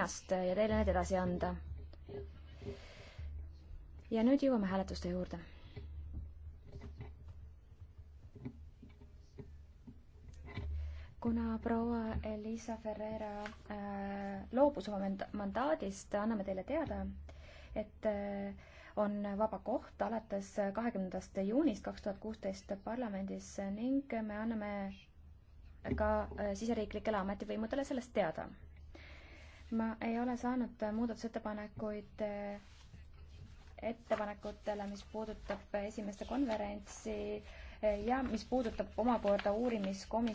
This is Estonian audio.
Hiinast ja teile need edasi anda. ja nüüd jõuame hääletuste juurde. kuna proua Elisa Ferreira äh, loobus oma mandaadist, anname teile teada, et äh, on vaba koht alates kahekümnendast juunist kaks tuhat kuusteist parlamendis ning me anname ka äh, siseriiklikele ametivõimudele sellest teada ma ei ole saanud muudatusettepanekuid eh, ettepanekutele, mis puudutab esimeste konverentsi eh, ja mis puudutab omakorda uurimiskomisjoni.